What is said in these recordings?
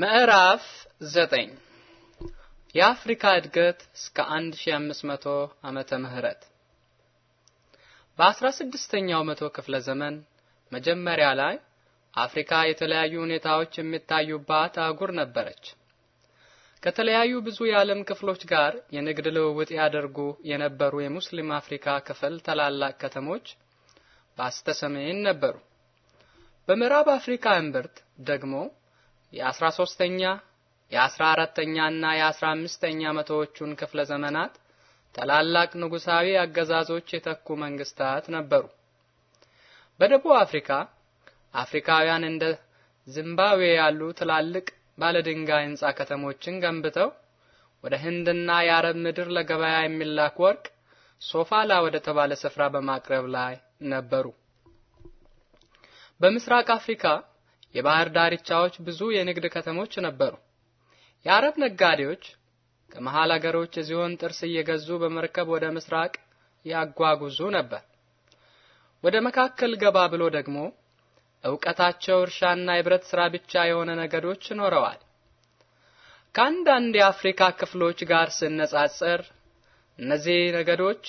ምዕራፍ 9 የአፍሪካ እድገት እስከ 1500 ዓመተ ምህረት በ16ኛው መቶ ክፍለ ዘመን መጀመሪያ ላይ አፍሪካ የተለያዩ ሁኔታዎች የሚታዩባት አህጉር ነበረች። ከተለያዩ ብዙ የዓለም ክፍሎች ጋር የንግድ ልውውጥ ያደርጉ የነበሩ የሙስሊም አፍሪካ ክፍል ታላላቅ ከተሞች በስተሰሜን ነበሩ። በምዕራብ አፍሪካ እምብርት ደግሞ የአስራ ሶስተኛ የአስራ አራተኛ እና የአስራ አምስተኛ መቶዎቹን ክፍለ ዘመናት ታላላቅ ንጉሳዊ አገዛዞች የተኩ መንግስታት ነበሩ። በደቡብ አፍሪካ አፍሪካውያን እንደ ዚምባብዌ ያሉ ትላልቅ ባለድንጋይ ህንጻ ከተሞችን ገንብተው ወደ ህንድና የአረብ ምድር ለገበያ የሚላክ ወርቅ ሶፋላ ወደ ተባለ ስፍራ በማቅረብ ላይ ነበሩ። በምስራቅ አፍሪካ የባህር ዳርቻዎች ብዙ የንግድ ከተሞች ነበሩ። የአረብ ነጋዴዎች ከመሃል አገሮች የዝሆን ጥርስ እየገዙ በመርከብ ወደ ምስራቅ ያጓጉዙ ነበር። ወደ መካከል ገባ ብሎ ደግሞ እውቀታቸው እርሻና የብረት ስራ ብቻ የሆነ ነገዶች ኖረዋል። ከአንዳንድ የአፍሪካ ክፍሎች ጋር ስነጻጸር እነዚህ ነገዶች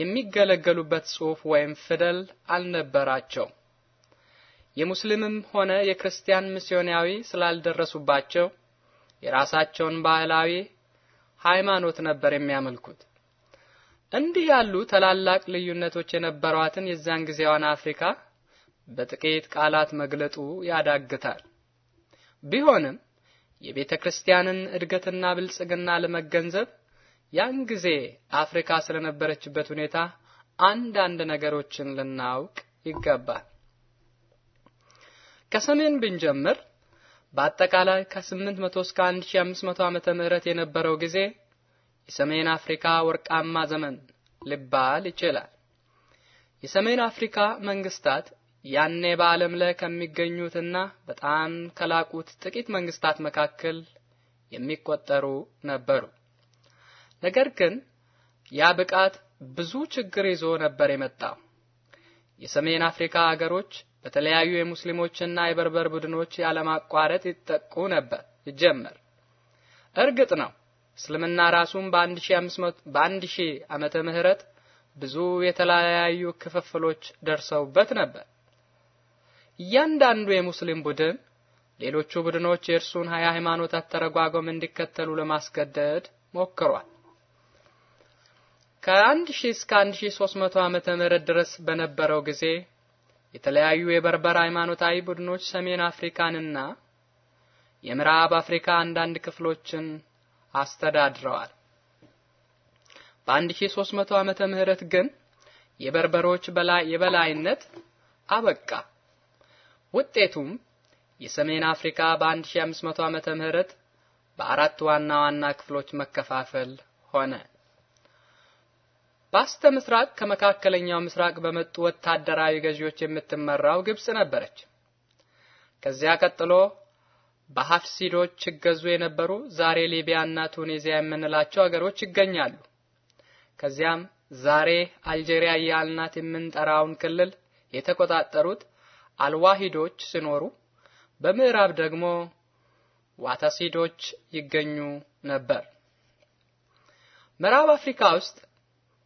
የሚገለገሉበት ጽሑፍ ወይም ፊደል አልነበራቸው። የሙስሊምም ሆነ የክርስቲያን ሚስዮናዊ ስላልደረሱባቸው የራሳቸውን ባህላዊ ሃይማኖት ነበር የሚያመልኩት። እንዲህ ያሉ ታላላቅ ልዩነቶች የነበሯትን የዛን ጊዜዋን አፍሪካ በጥቂት ቃላት መግለጡ ያዳግታል። ቢሆንም የቤተ ክርስቲያንን እድገትና ብልጽግና ለመገንዘብ ያን ጊዜ አፍሪካ ስለነበረችበት ሁኔታ አንዳንድ ነገሮችን ልናውቅ ይገባል። ከሰሜን ብንጀምር በአጠቃላይ ከ800 እስከ 1500 ዓመተ ምህረት የነበረው ጊዜ የሰሜን አፍሪካ ወርቃማ ዘመን ሊባል ይችላል። የሰሜን አፍሪካ መንግስታት ያኔ በዓለም ላይ ከሚገኙትና በጣም ከላቁት ጥቂት መንግስታት መካከል የሚቆጠሩ ነበሩ። ነገር ግን ያ ብቃት ብዙ ችግር ይዞ ነበር የመጣው። የሰሜን አፍሪካ አገሮች በተለያዩ የሙስሊሞችና የበርበር ቡድኖች ያለማቋረጥ ይጠቁ ነበር ይጀመር። እርግጥ ነው እስልምና ራሱን በ1500 በ1000 ዓመተ ምህረት ብዙ የተለያዩ ክፍፍሎች ደርሰውበት ነበር። እያንዳንዱ የሙስሊም ቡድን ሌሎቹ ቡድኖች የእርሱን ሃይማኖት አተረጓጎም እንዲከተሉ ለማስገደድ ሞክሯል። ከ1000 እስከ 1300 ዓመተ ምህረት ድረስ በነበረው ጊዜ የተለያዩ የበርበር ሃይማኖታዊ ቡድኖች ሰሜን አፍሪካንና የምዕራብ አፍሪካ አንዳንድ ክፍሎችን አስተዳድረዋል። በ1300 ዓመተ ምህረት ግን የበርበሮች የበላይነት አበቃ። ውጤቱም የሰሜን አፍሪካ በ1500 ዓመተ ምህረት በአራት ዋና ዋና ክፍሎች መከፋፈል ሆነ። በስተ ምስራቅ ከመካከለኛው ምስራቅ በመጡ ወታደራዊ ገዢዎች የምትመራው ግብጽ ነበረች። ከዚያ ቀጥሎ በሐፍሲዶች ይገዙ የነበሩ ዛሬ ሊቢያና ቱኒዚያ የምንላቸው አገሮች ይገኛሉ። ከዚያም ዛሬ አልጄሪያ እያልናት የምንጠራውን ክልል የተቆጣጠሩት አልዋሂዶች ሲኖሩ በምዕራብ ደግሞ ዋታሲዶች ይገኙ ነበር። ምዕራብ አፍሪካ ውስጥ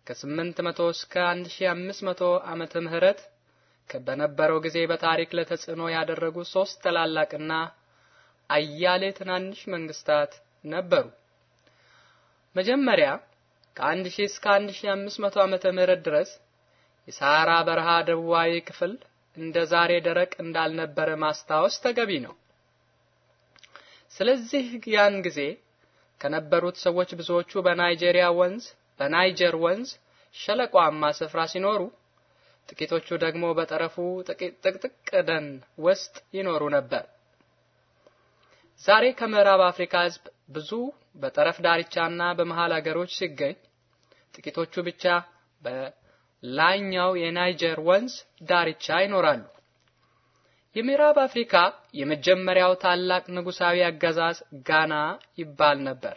ከ800 እስከ 1500 ዓመተ ምህረት በነበረው ጊዜ በታሪክ ለተጽዕኖ ያደረጉ ሶስት ታላላቅና አያሌ ትናንሽ መንግስታት ነበሩ። መጀመሪያ ከ1000 እስከ 1500 ዓመተ ምህረት ድረስ የሳራ በረሃ ደቡባዊ ክፍል እንደ ዛሬ ደረቅ እንዳልነበረ ማስታወስ ተገቢ ነው። ስለዚህ ያን ጊዜ ከነበሩት ሰዎች ብዙዎቹ በናይጄሪያ ወንዝ በናይጀር ወንዝ ሸለቋማ ስፍራ ሲኖሩ፣ ጥቂቶቹ ደግሞ በጠረፉ ጥቅጥቅ ደን ውስጥ ይኖሩ ነበር። ዛሬ ከምዕራብ አፍሪካ ህዝብ ብዙ በጠረፍ ዳርቻና በመሃል አገሮች ሲገኝ፣ ጥቂቶቹ ብቻ በላይኛው የናይጀር ወንዝ ዳርቻ ይኖራሉ። የምዕራብ አፍሪካ የመጀመሪያው ታላቅ ንጉሳዊ አገዛዝ ጋና ይባል ነበር።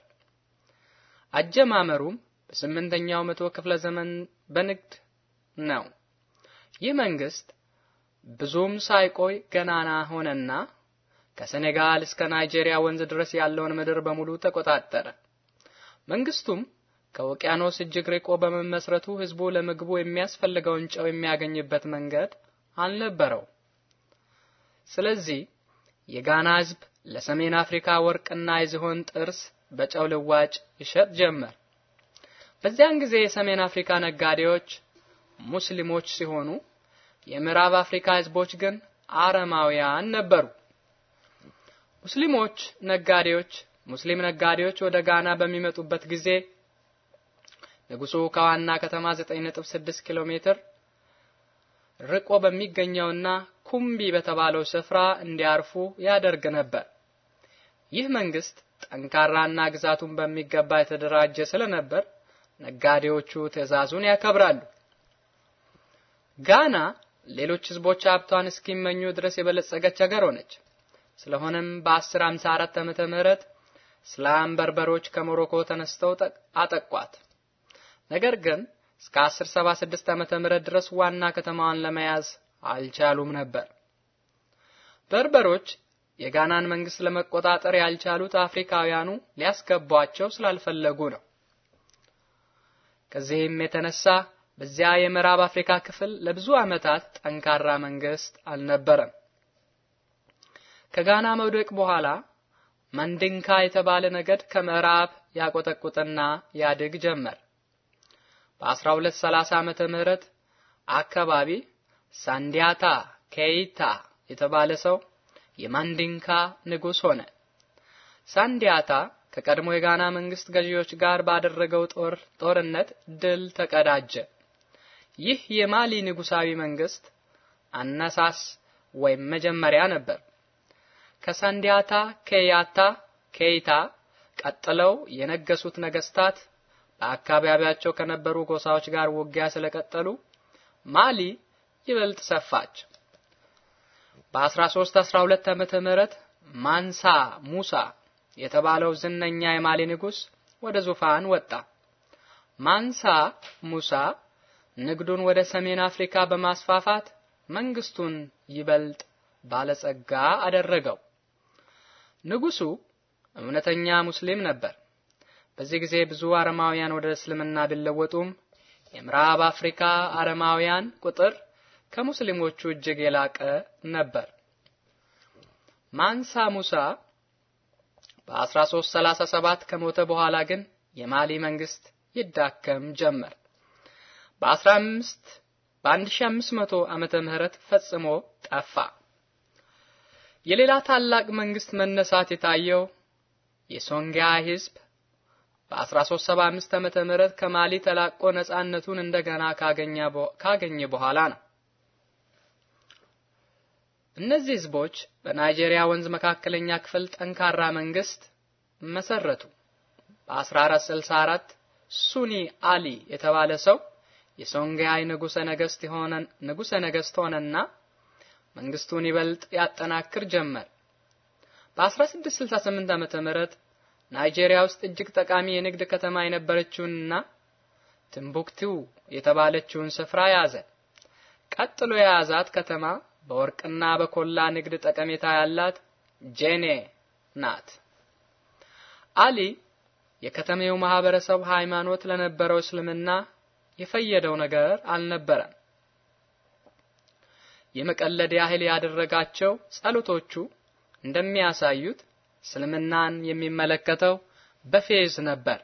አጀማመሩም በስምንተኛው መቶ ክፍለ ዘመን በንግድ ነው። ይህ መንግስት ብዙም ሳይቆይ ገናና ሆነና ከሴኔጋል እስከ ናይጄሪያ ወንዝ ድረስ ያለውን ምድር በሙሉ ተቆጣጠረ። መንግስቱም ከውቅያኖስ እጅግ ርቆ በመመስረቱ ህዝቡ ለምግቡ የሚያስፈልገውን ጨው የሚያገኝበት መንገድ አልነበረው። ስለዚህ የጋና ህዝብ ለሰሜን አፍሪካ ወርቅና የዝሆን ጥርስ በጨው ልዋጭ ይሸጥ ጀመር። በዚያን ጊዜ የሰሜን አፍሪካ ነጋዴዎች ሙስሊሞች ሲሆኑ የምዕራብ አፍሪካ ህዝቦች ግን አረማውያን ነበሩ። ሙስሊሞች ነጋዴዎች ሙስሊም ነጋዴዎች ወደ ጋና በሚመጡበት ጊዜ ንጉሱ ከዋና ከተማ 9.6 ኪሎ ሜትር ርቆ በሚገኘውና ኩምቢ በተባለው ስፍራ እንዲያርፉ ያደርግ ነበር። ይህ መንግስት ጠንካራና ግዛቱን በሚገባ የተደራጀ ስለነበር ነጋዴዎቹ ትዕዛዙን ያከብራሉ። ጋና ሌሎች ህዝቦች ሀብቷን እስኪመኙ ድረስ የበለጸገች ሀገር ሆነች። ስለሆነም በ1054 ዓመተ ምህረት እስላም በርበሮች ከሞሮኮ ተነስተው አጠቋት። ነገር ግን እስከ 1076 ዓመተ ምህረት ድረስ ዋና ከተማዋን ለመያዝ አልቻሉም ነበር። በርበሮች የጋናን መንግስት ለመቆጣጠር ያልቻሉት አፍሪካውያኑ ሊያስገቧቸው ስላልፈለጉ ነው። ከዚህም የተነሳ በዚያ የምዕራብ አፍሪካ ክፍል ለብዙ ዓመታት ጠንካራ መንግስት አልነበረም። ከጋና መውደቅ በኋላ ማንዲንካ የተባለ ነገድ ከምዕራብ ያቆጠቁጥና ያድግ ጀመር። በ1230 ዓመተ ምህረት አካባቢ ሳንዲያታ ከይታ የተባለ ሰው የማንዲንካ ንጉስ ሆነ። ሳንዲያታ ከቀድሞ የጋና መንግስት ገዢዎች ጋር ባደረገው ጦር ጦርነት ድል ተቀዳጀ። ይህ የማሊ ንጉሳዊ መንግስት አነሳስ ወይም መጀመሪያ ነበር። ከሳንዲያታ ከያታ ከይታ ቀጥለው የነገሱት ነገስታት በአካባቢያቸው ከነበሩ ጎሳዎች ጋር ውጊያ ስለቀጠሉ ማሊ ይበልጥ ሰፋች። በ1312 ዓመተ ምህረት ማንሳ ሙሳ የተባለው ዝነኛ የማሊ ንጉስ ወደ ዙፋን ወጣ። ማንሳ ሙሳ ንግዱን ወደ ሰሜን አፍሪካ በማስፋፋት መንግስቱን ይበልጥ ባለጸጋ አደረገው። ንጉሱ እውነተኛ ሙስሊም ነበር። በዚህ ጊዜ ብዙ አረማውያን ወደ እስልምና ቢለወጡም የምዕራብ አፍሪካ አረማውያን ቁጥር ከሙስሊሞቹ እጅግ የላቀ ነበር። ማንሳ ሙሳ በ1337 ከሞተ በኋላ ግን የማሊ መንግስት ይዳከም ጀመር። በ15 በ1500 ዓመተ ምህረት ፈጽሞ ጠፋ። የሌላ ታላቅ መንግስት መነሳት የታየው የሶንጋ ህዝብ በ1375 ዓመተ ምህረት ከማሊ ተላቆ ነጻነቱን እንደገና ካገኘ በኋላ ነው። እነዚህ ህዝቦች በናይጄሪያ ወንዝ መካከለኛ ክፍል ጠንካራ መንግስት መሰረቱ። በ1464 ሱኒ አሊ የተባለ ሰው የሶንጋይ ንጉሰ ነገስት የሆነ ንጉሰ ነገስት ሆነና መንግስቱን ይበልጥ ያጠናክር ጀመር። በ1668 ዓመተ ምህረት ናይጄሪያ ውስጥ እጅግ ጠቃሚ የንግድ ከተማ የነበረችውንና ቲምቡክቱ የተባለችውን ስፍራ ያዘ። ቀጥሎ የያዛት ከተማ በወርቅና በኮላ ንግድ ጠቀሜታ ያላት ጄኔ ናት። አሊ የከተማው ማህበረሰብ ሃይማኖት ለነበረው እስልምና የፈየደው ነገር አልነበረም። የመቀለድ ያህል ያደረጋቸው ጸሎቶቹ እንደሚያሳዩት እስልምናን የሚመለከተው በፌዝ ነበር።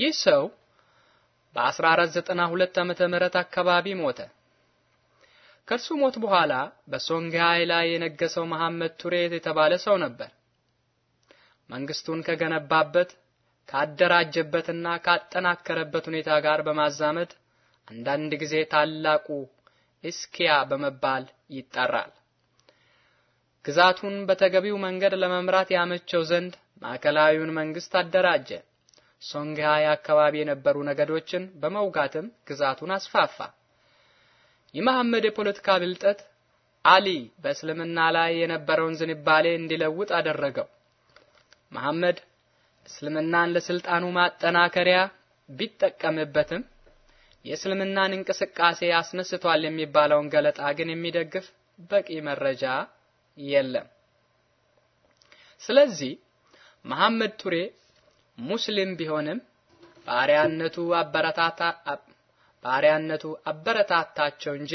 ይህ ሰው በ1492 ዓመተ ምህረት አካባቢ ሞተ። ከእርሱ ሞት በኋላ በሶንጋይ ላይ የነገሰው መሐመድ ቱሬት የተባለ ሰው ነበር። መንግስቱን ከገነባበት ካደራጀበትና ካጠናከረበት ሁኔታ ጋር በማዛመድ አንዳንድ ጊዜ ታላቁ እስኪያ በመባል ይጠራል። ግዛቱን በተገቢው መንገድ ለመምራት ያመቸው ዘንድ ማዕከላዊውን መንግስት አደራጀ። ሶንግሃይ አካባቢ የነበሩ ነገዶችን በመውጋትም ግዛቱን አስፋፋ። የመሐመድ የፖለቲካ ብልጠት አሊ በእስልምና ላይ የነበረውን ዝንባሌ እንዲለውጥ አደረገው። መሐመድ እስልምናን ለስልጣኑ ማጠናከሪያ ቢጠቀምበትም የእስልምናን እንቅስቃሴ አስነስቷል የሚባለውን ገለጣ ግን የሚደግፍ በቂ መረጃ የለም። ስለዚህ መሐመድ ቱሬ ሙስሊም ቢሆንም ባሪያነቱ አበረታታ ባሪያነቱ አበረታታቸው እንጂ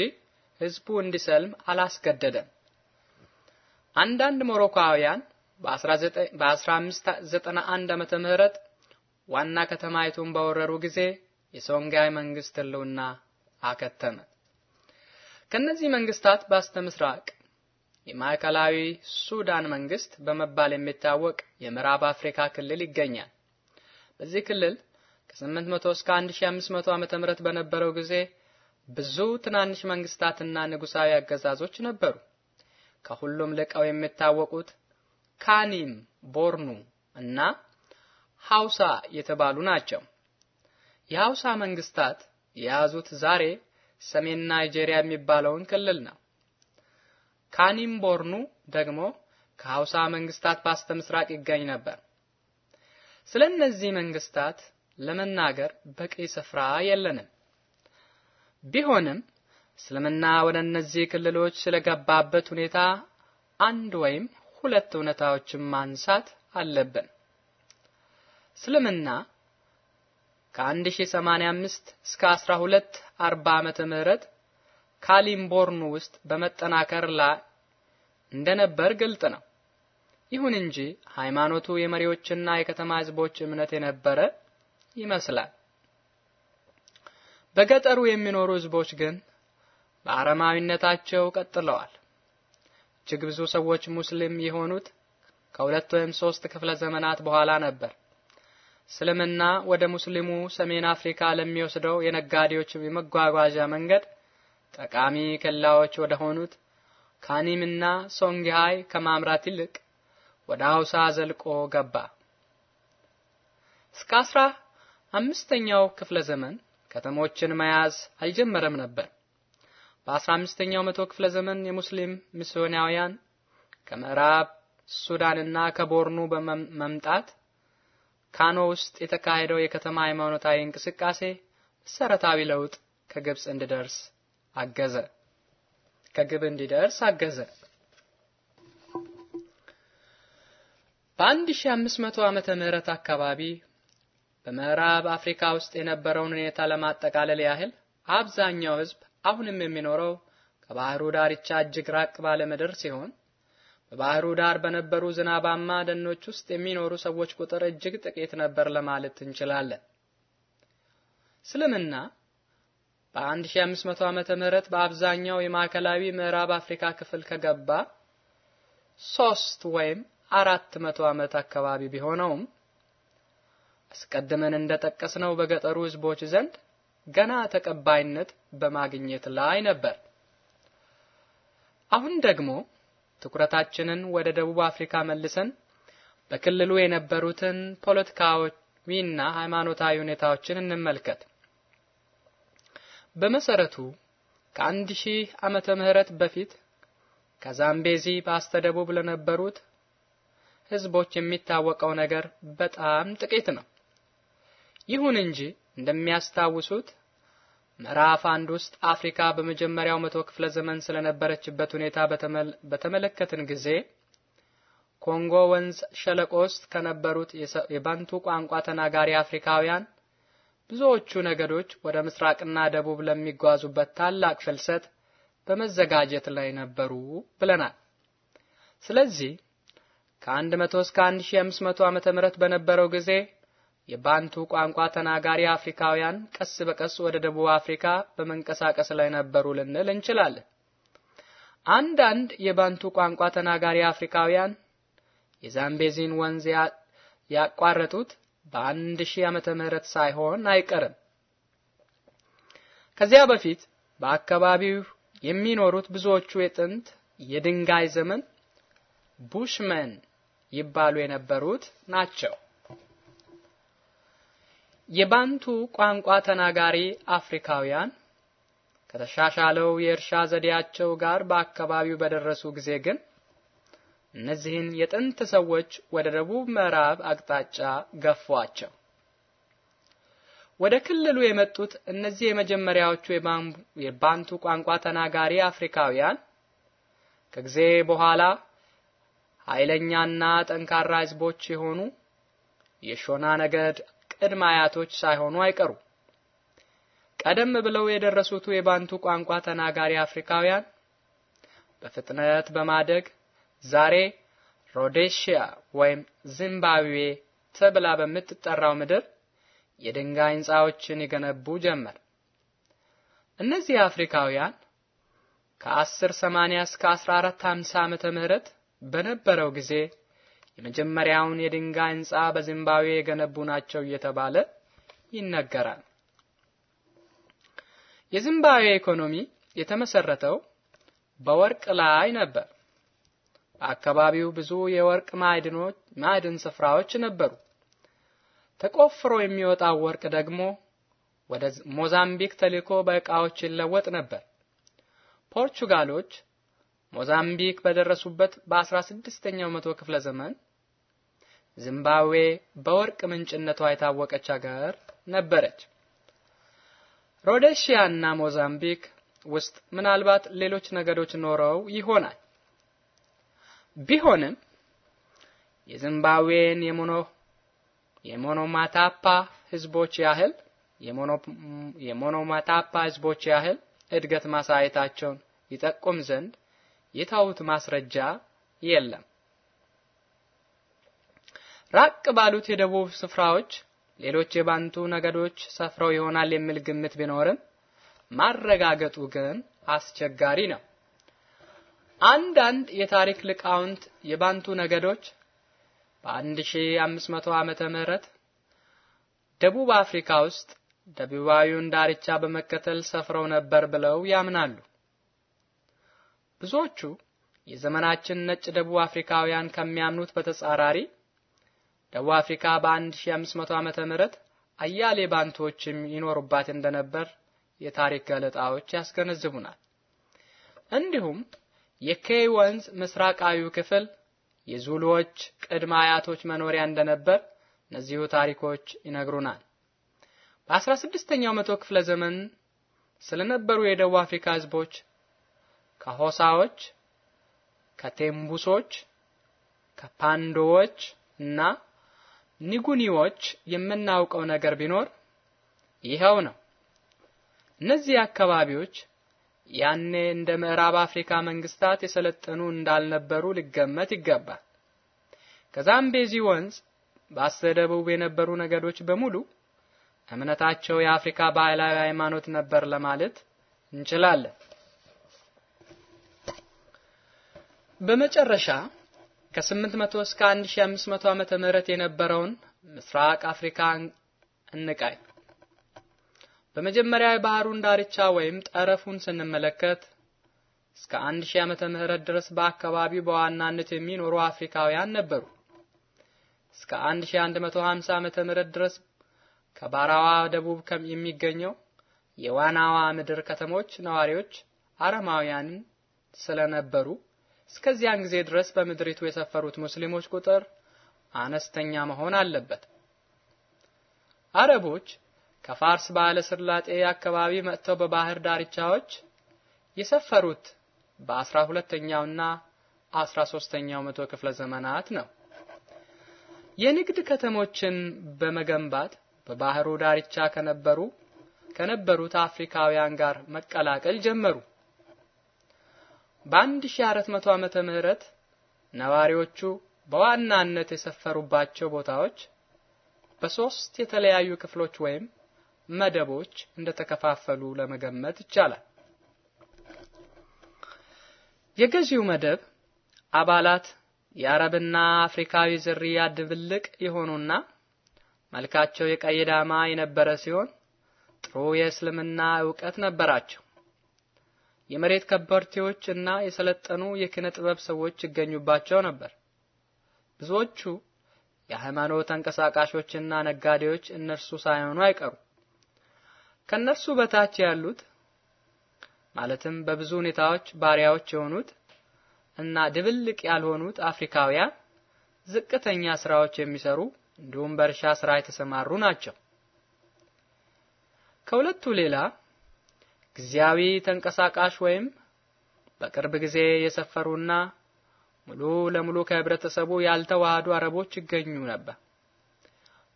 ህዝቡ እንዲሰልም አላስገደደም። አንዳንድ ሞሮካውያን በ1591 ዓመተ ምህረት ዋና ከተማይቱን በወረሩ ጊዜ የሶንጋይ መንግስት ህልውና አከተመ። ከነዚህ መንግስታት ምስራቅ የማዕከላዊ ሱዳን መንግስት በመባል የሚታወቅ የምዕራብ አፍሪካ ክልል ይገኛል። በዚህ ክልል 800 እስከ 1500 ዓመተ ምህረት በነበረው ጊዜ ብዙ ትናንሽ መንግስታትና ንጉሳዊ አገዛዞች ነበሩ። ከሁሉም ልቀው የሚታወቁት ካኒም፣ ቦርኑ እና ሐውሳ የተባሉ ናቸው። የሐውሳ መንግስታት የያዙት ዛሬ ሰሜን ናይጄሪያ የሚባለውን ክልል ነው። ካኒም ቦርኑ ደግሞ ከሐውሳ መንግስታት በስተ ምስራቅ ይገኝ ነበር። ስለ እነዚህ መንግስታት ለመናገር በቂ ስፍራ የለንም። ቢሆንም እስልምና ወደ እነዚህ ክልሎች ስለገባበት ሁኔታ አንድ ወይም ሁለት እውነታዎችን ማንሳት አለብን። እስልምና ከ1085 እስከ 1240 ዓመተ ምህረት ካሊምቦርኑ ውስጥ በመጠናከር ላይ እንደነበር ግልጥ ነው። ይሁን እንጂ ሃይማኖቱ የመሪዎችና የከተማ ህዝቦች እምነት የነበረ ይመስላል። በገጠሩ የሚኖሩ ህዝቦች ግን በአረማዊነታቸው ቀጥለዋል። እጅግ ብዙ ሰዎች ሙስሊም የሆኑት ከሁለት ወይም ሶስት ክፍለ ዘመናት በኋላ ነበር። እስልምና ወደ ሙስሊሙ ሰሜን አፍሪካ ለሚወስደው የነጋዴዎች የመጓጓዣ መንገድ ጠቃሚ ከላዎች ወደ ሆኑት ካኒምና ሶንግሃይ ከማምራት ይልቅ ወደ አውሳ ዘልቆ ገባ። እስከ አስራ አምስተኛው ክፍለ ዘመን ከተሞችን መያዝ አልጀመረም ነበር። በ15ኛው መቶ ክፍለ ዘመን የሙስሊም ሚስዮናውያን ከምዕራብ ሱዳንና ከቦርኑ በመምጣት ካኖ ውስጥ የተካሄደው የከተማ ሃይማኖታዊ እንቅስቃሴ መሰረታዊ ለውጥ ከግብጽ እንዲደርስ አገዘ ከግብ እንዲደርስ አገዘ። በ1500 ዓመተ ምህረት አካባቢ በምዕራብ አፍሪካ ውስጥ የነበረውን ሁኔታ ለማጠቃለል ያህል አብዛኛው ህዝብ አሁንም የሚኖረው ከባህሩ ዳርቻ እጅግ ራቅ ባለ ምድር ሲሆን በባህሩ ዳር በነበሩ ዝናባማ ደኖች ውስጥ የሚኖሩ ሰዎች ቁጥር እጅግ ጥቂት ነበር ለማለት እንችላለን። እስልምና በ1500 ዓመተ ምህረት በአብዛኛው የማዕከላዊ ምዕራብ አፍሪካ ክፍል ከገባ ሶስት ወይም አራት መቶ ዓመት አካባቢ ቢሆነውም አስቀድመን እንደጠቀስነው በገጠሩ ህዝቦች ዘንድ ገና ተቀባይነት በማግኘት ላይ ነበር። አሁን ደግሞ ትኩረታችንን ወደ ደቡብ አፍሪካ መልሰን በክልሉ የነበሩትን ፖለቲካዊና ሃይማኖታዊ ሁኔታዎችን እንመልከት። በመሰረቱ ከአንድ ሺህ ዓመተ ምህረት በፊት ከዛምቤዚ በስተደቡብ ለነበሩት ህዝቦች የሚታወቀው ነገር በጣም ጥቂት ነው። ይሁን እንጂ እንደሚያስታውሱት ምዕራፍ አንድ ውስጥ አፍሪካ በመጀመሪያው መቶ ክፍለ ዘመን ስለነበረችበት ሁኔታ በተመለከትን ጊዜ ኮንጎ ወንዝ ሸለቆ ውስጥ ከነበሩት የባንቱ ቋንቋ ተናጋሪ አፍሪካውያን ብዙዎቹ ነገዶች ወደ ምስራቅና ደቡብ ለሚጓዙበት ታላቅ ፍልሰት በመዘጋጀት ላይ ነበሩ ብለናል። ስለዚህ ከ100 እስከ 1500 ዓመተ ምህረት በነበረው ጊዜ የባንቱ ቋንቋ ተናጋሪ አፍሪካውያን ቀስ በቀስ ወደ ደቡብ አፍሪካ በመንቀሳቀስ ላይ ነበሩ ልንል እንችላለን። አንዳንድ የባንቱ ቋንቋ ተናጋሪ አፍሪካውያን የዛምቤዚን ወንዝ ያቋረጡት በአንድ ሺህ ዓመተ ምህረት ሳይሆን አይቀርም። ከዚያ በፊት በአካባቢው የሚኖሩት ብዙዎቹ የጥንት የድንጋይ ዘመን ቡሽመን ይባሉ የነበሩት ናቸው። የባንቱ ቋንቋ ተናጋሪ አፍሪካውያን ከተሻሻለው የእርሻ ዘዴያቸው ጋር በአካባቢው በደረሱ ጊዜ ግን እነዚህን የጥንት ሰዎች ወደ ደቡብ ምዕራብ አቅጣጫ ገፏቸው። ወደ ክልሉ የመጡት እነዚህ የመጀመሪያዎቹ የባንቱ ቋንቋ ተናጋሪ አፍሪካውያን ከጊዜ በኋላ ኃይለኛና ጠንካራ ሕዝቦች የሆኑ የሾና ነገድ ቅድመ አያቶች ሳይሆኑ አይቀሩ። ቀደም ብለው የደረሱት የባንቱ ቋንቋ ተናጋሪ አፍሪካውያን በፍጥነት በማደግ ዛሬ ሮዴሺያ ወይም ዚምባብዌ ተብላ በምትጠራው ምድር የድንጋይ ህንፃዎችን የገነቡ ጀመር። እነዚህ አፍሪካውያን ከ1080 እስከ 1450 ዓመተ ምህረት በነበረው ጊዜ የመጀመሪያውን የድንጋይ ህንጻ በዚምባብዌ የገነቡ ናቸው እየተባለ ይነገራል። የዚምባብዌ ኢኮኖሚ የተመሰረተው በወርቅ ላይ ነበር። በአካባቢው ብዙ የወርቅ ማዕድኖች ማዕድን ስፍራዎች ነበሩ። ተቆፍሮ የሚወጣው ወርቅ ደግሞ ወደ ሞዛምቢክ ተልኮ በእቃዎች ይለወጥ ነበር። ፖርቹጋሎች ሞዛምቢክ በደረሱበት በ16ኛው መቶ ክፍለ ዘመን ዚምባብዌ በወርቅ ምንጭነቷ የታወቀች ሀገር ነበረች። ሮዴሺያ እና ሞዛምቢክ ውስጥ ምናልባት ሌሎች ነገዶች ኖረው ይሆናል። ቢሆንም የዚምባብዌን የሞኖ የሞኖማታፓ ህዝቦች ያህል የሞኖማታፓ ህዝቦች ያህል እድገት ማሳየታቸውን ይጠቁም ዘንድ የታውት ማስረጃ የለም። ራቅ ባሉት የደቡብ ስፍራዎች ሌሎች የባንቱ ነገዶች ሰፍረው ይሆናል የሚል ግምት ቢኖርም ማረጋገጡ ግን አስቸጋሪ ነው። አንዳንድ የታሪክ ሊቃውንት የባንቱ ነገዶች በ1500 ዓመተ ምህረት ደቡብ አፍሪካ ውስጥ ደቡባዊውን ዳርቻ በመከተል ሰፍረው ነበር ብለው ያምናሉ። ብዙዎቹ የዘመናችን ነጭ ደቡብ አፍሪካውያን ከሚያምኑት በተጻራሪ ደቡብ አፍሪካ በ1500 ዓመተ ምህረት አያሌ ባንቶችም ይኖሩባት እንደነበር የታሪክ ገለጣዎች ያስገነዝቡናል። እንዲሁም የኬይ ወንዝ ምስራቃዊው ክፍል የዙሉዎች ቅድመ አያቶች መኖሪያ እንደነበር እነዚሁ ታሪኮች ይነግሩናል። በ16ኛው መቶ ክፍለ ዘመን ስለነበሩ የደቡብ አፍሪካ ህዝቦች ከሆሳዎች፣ ከቴምቡሶች፣ ከፓንዶዎች እና ኒጉኒዎች የምናውቀው ነገር ቢኖር ይኸው ነው። እነዚህ አካባቢዎች ያኔ እንደ ምዕራብ አፍሪካ መንግስታት የሰለጠኑ እንዳልነበሩ ሊገመት ይገባል። ከዛምቤዚ ወንዝ በስተደቡብ የነበሩ ነገዶች በሙሉ እምነታቸው የአፍሪካ ባህላዊ ሃይማኖት ነበር ለማለት እንችላለን። በመጨረሻ ከ800 እስከ 1500 ዓመተ ምህረት የነበረውን ምስራቅ አፍሪካ እንቃኝ። በመጀመሪያ የባህሩን ዳርቻ ወይም ጠረፉን ስንመለከት እስከ 1000 ዓመተ ምህረት ድረስ በአካባቢው በዋናነት የሚኖሩ አፍሪካውያን ነበሩ። እስከ 1150 ዓመተ ምህረት ድረስ ከባራዋ ደቡብ የሚገኘው የዋናዋ ምድር ከተሞች ነዋሪዎች አረማውያንን ስለነበሩ እስከዚያን ጊዜ ድረስ በምድሪቱ የሰፈሩት ሙስሊሞች ቁጥር አነስተኛ መሆን አለበት። አረቦች ከፋርስ ባለ ስላጤ አካባቢ መጥተው በባህር ዳርቻዎች የሰፈሩት በአስራ ሁለተኛውና አስራ ሶስተኛው መቶ ክፍለ ዘመናት ነው። የንግድ ከተሞችን በመገንባት በባህሩ ዳርቻ ከነበሩ ከነበሩት አፍሪካውያን ጋር መቀላቀል ጀመሩ። በ1400 ዓመተ ምህረት ነዋሪዎቹ በዋናነት የሰፈሩባቸው ቦታዎች በሶስት የተለያዩ ክፍሎች ወይም መደቦች እንደተከፋፈሉ ለመገመት ይቻላል። የገዢው መደብ አባላት የአረብና አፍሪካዊ ዝርያ ድብልቅ የሆኑና መልካቸው የቀይ ዳማ የነበረ ሲሆን ጥሩ የእስልምና ዕውቀት ነበራቸው። የመሬት ከበርቴዎች እና የሰለጠኑ የኪነ ጥበብ ሰዎች ይገኙባቸው ነበር። ብዙዎቹ የሃይማኖት አንቀሳቃሾችና ነጋዴዎች እነርሱ ሳይሆኑ አይቀሩም። ከነርሱ በታች ያሉት ማለትም በብዙ ሁኔታዎች ባሪያዎች የሆኑት እና ድብልቅ ያልሆኑት አፍሪካውያን ዝቅተኛ ስራዎች የሚሰሩ እንዲሁም በእርሻ ስራ የተሰማሩ ናቸው። ከሁለቱ ሌላ ጊዜያዊ ተንቀሳቃሽ ወይም በቅርብ ጊዜ የሰፈሩና ሙሉ ለሙሉ ከህብረተሰቡ ያልተዋሃዱ አረቦች ይገኙ ነበር።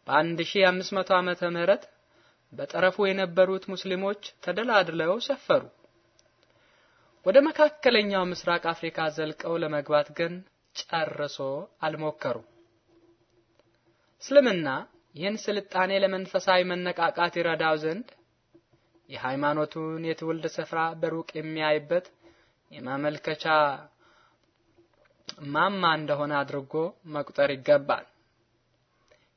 በ1500 ዓመተ ምህረት በጠረፉ የነበሩት ሙስሊሞች ተደላድለው ሰፈሩ። ወደ መካከለኛው ምስራቅ አፍሪካ ዘልቀው ለመግባት ግን ጨርሶ አልሞከሩ። እስልምና ይህን ስልጣኔ ለመንፈሳዊ መነቃቃት ይረዳው ዘንድ የሃይማኖቱን የትውልድ ስፍራ በሩቅ የሚያይበት የማመልከቻ ማማ እንደሆነ አድርጎ መቁጠር ይገባል።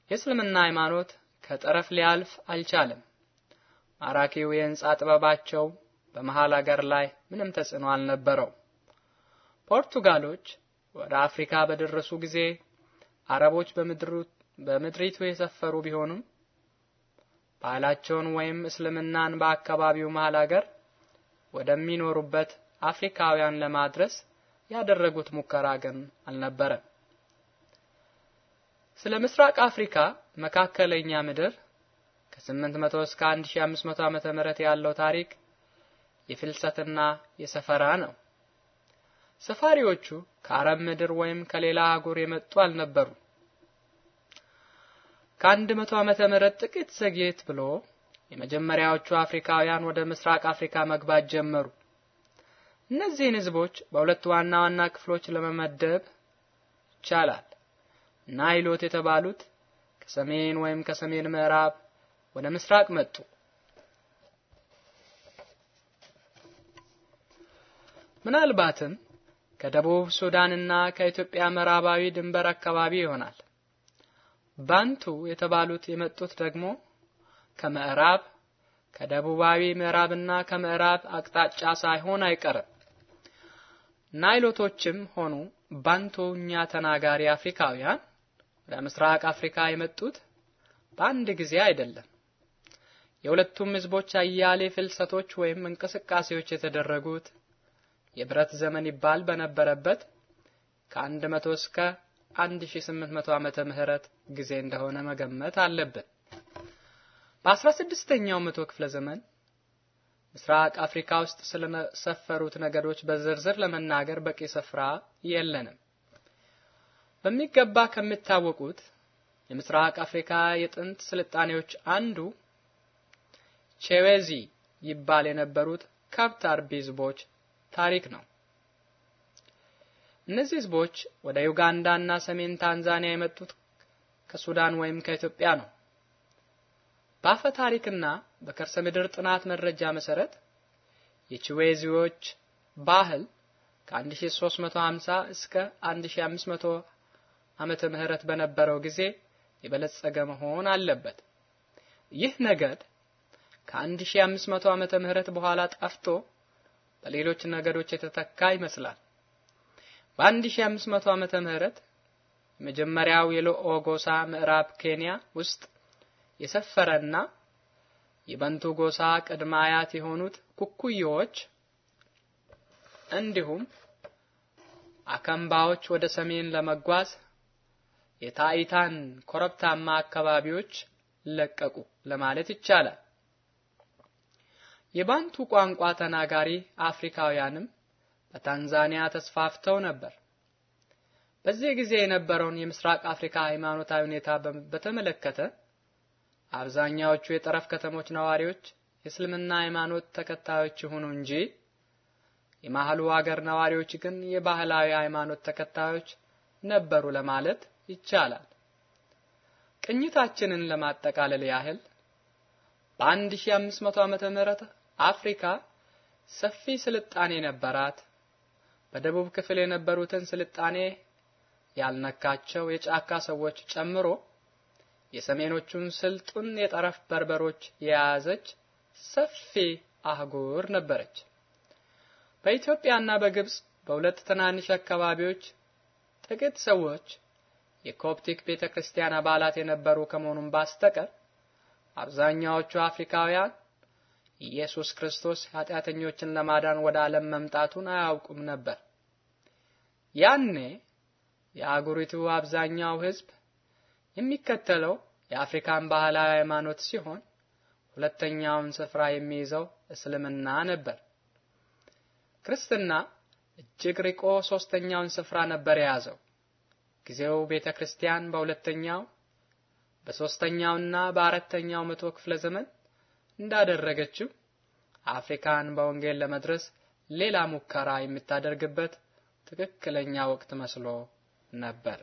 የእስልምና ሃይማኖት ከጠረፍ ሊያልፍ አልቻለም። ማራኪው የህንጻ ጥበባቸው በመሃል አገር ላይ ምንም ተጽዕኖ አልነበረው። ፖርቱጋሎች ወደ አፍሪካ በደረሱ ጊዜ አረቦች በምድሪቱ የሰፈሩ ቢሆኑም ባህላቸውን ወይም እስልምናን በአካባቢው መሃል ሀገር ወደሚኖሩበት አፍሪካውያን ለማድረስ ያደረጉት ሙከራ ግን አልነበረም። ስለ ምስራቅ አፍሪካ መካከለኛ ምድር ከ800 እስከ 1500 ዓመተ ምህረት ያለው ታሪክ የፍልሰትና የሰፈራ ነው። ሰፋሪዎቹ ከአረብ ምድር ወይም ከሌላ አህጉር የመጡ አልነበሩም። ከአንድ መቶ ዓመተ ምህረት ጥቂት ዘግየት ብሎ የመጀመሪያዎቹ አፍሪካውያን ወደ ምስራቅ አፍሪካ መግባት ጀመሩ። እነዚህን ህዝቦች በሁለት ዋና ዋና ክፍሎች ለመመደብ ይቻላል። ናይሎት የተባሉት ከሰሜን ወይም ከሰሜን ምዕራብ ወደ ምስራቅ መጡ። ምናልባትም ከደቡብ ሱዳንና ከኢትዮጵያ ምዕራባዊ ድንበር አካባቢ ይሆናል። ባንቱ የተባሉት የመጡት ደግሞ ከምዕራብ ከደቡባዊ ምዕራብና ከምዕራብ አቅጣጫ ሳይሆን አይቀርም። ናይሎቶችም ሆኑ ባንቶኛ ተናጋሪ አፍሪካውያን ወደ ምስራቅ አፍሪካ የመጡት በአንድ ጊዜ አይደለም። የሁለቱም ህዝቦች አያሌ ፍልሰቶች ወይም እንቅስቃሴዎች የተደረጉት የብረት ዘመን ይባል በነበረበት ከ መቶ እስከ 1800 ዓመተ ምህረት ጊዜ እንደሆነ መገመት አለብን። በ16ኛው መቶ ክፍለ ዘመን ምስራቅ አፍሪካ ውስጥ ስለሰፈሩት ነገዶች በዝርዝር ለመናገር በቂ ስፍራ የለንም። በሚገባ ከሚታወቁት የምስራቅ አፍሪካ የጥንት ስልጣኔዎች አንዱ ቼዌዚ ይባል የነበሩት ከብት አርቢ ታሪክ ነው። እነዚህ ህዝቦች ወደ ዩጋንዳና ሰሜን ታንዛኒያ የመጡት ከሱዳን ወይም ከኢትዮጵያ ነው። በአፈ ታሪክና በከርሰ ምድር ጥናት መረጃ መሰረት የቺዌዚዎች ባህል ከ1350 እስከ 1500 ዓመተ ምህረት በነበረው ጊዜ የበለጸገ መሆን አለበት። ይህ ነገድ ከ1500 ዓመተ ምህረት በኋላ ጠፍቶ በሌሎች ነገዶች የተተካ ይመስላል። በ1500 ዓመተ ምህረት የመጀመሪያው የሎኦጎሳ ምዕራብ ኬንያ ውስጥ የሰፈረና የበንቱ ጎሳ ቅድመ አያት የሆኑት ኩኩዮዎች እንዲሁም አከምባዎች ወደ ሰሜን ለመጓዝ የታይታን ኮረብታማ አካባቢዎች ለቀቁ ለማለት ይቻላል። የባንቱ ቋንቋ ተናጋሪ አፍሪካውያንም በታንዛኒያ ተስፋፍተው ነበር። በዚህ ጊዜ የነበረውን የምስራቅ አፍሪካ ሃይማኖታዊ ሁኔታ በተመለከተ አብዛኛዎቹ የጠረፍ ከተሞች ነዋሪዎች የእስልምና ሃይማኖት ተከታዮች ይሁኑ እንጂ የመሀሉ ሀገር ነዋሪዎች ግን የባህላዊ ሃይማኖት ተከታዮች ነበሩ ለማለት ይቻላል። ቅኝታችንን ለማጠቃለል ያህል በ1500 ዓመተ ምህረት አፍሪካ ሰፊ ስልጣኔ ነበራት። በደቡብ ክፍል የነበሩትን ስልጣኔ ያልነካቸው የጫካ ሰዎች ጨምሮ የሰሜኖቹን ስልጡን የጠረፍ በርበሮች የያዘች ሰፊ አህጉር ነበረች። በኢትዮጵያና በግብጽ በሁለት ትናንሽ አካባቢዎች ጥቂት ሰዎች የኮፕቲክ ቤተ ክርስቲያን አባላት የነበሩ ከመሆኑም ባስተቀር አብዛኛዎቹ አፍሪካውያን ኢየሱስ ክርስቶስ ኃጢአተኞችን ለማዳን ወደ ዓለም መምጣቱን አያውቁም ነበር። ያኔ የአጉሪቱ አብዛኛው ህዝብ የሚከተለው የአፍሪካን ባህላዊ ሃይማኖት ሲሆን ሁለተኛውን ስፍራ የሚይዘው እስልምና ነበር። ክርስትና እጅግ ርቆ ሶስተኛውን ስፍራ ነበር የያዘው። ጊዜው ቤተ ክርስቲያን በሁለተኛው በሶስተኛውና በአራተኛው መቶ ክፍለ ዘመን እንዳደረገችው አፍሪካን በወንጌል ለመድረስ ሌላ ሙከራ የምታደርግበት ትክክለኛ ወቅት መስሎ ነበር።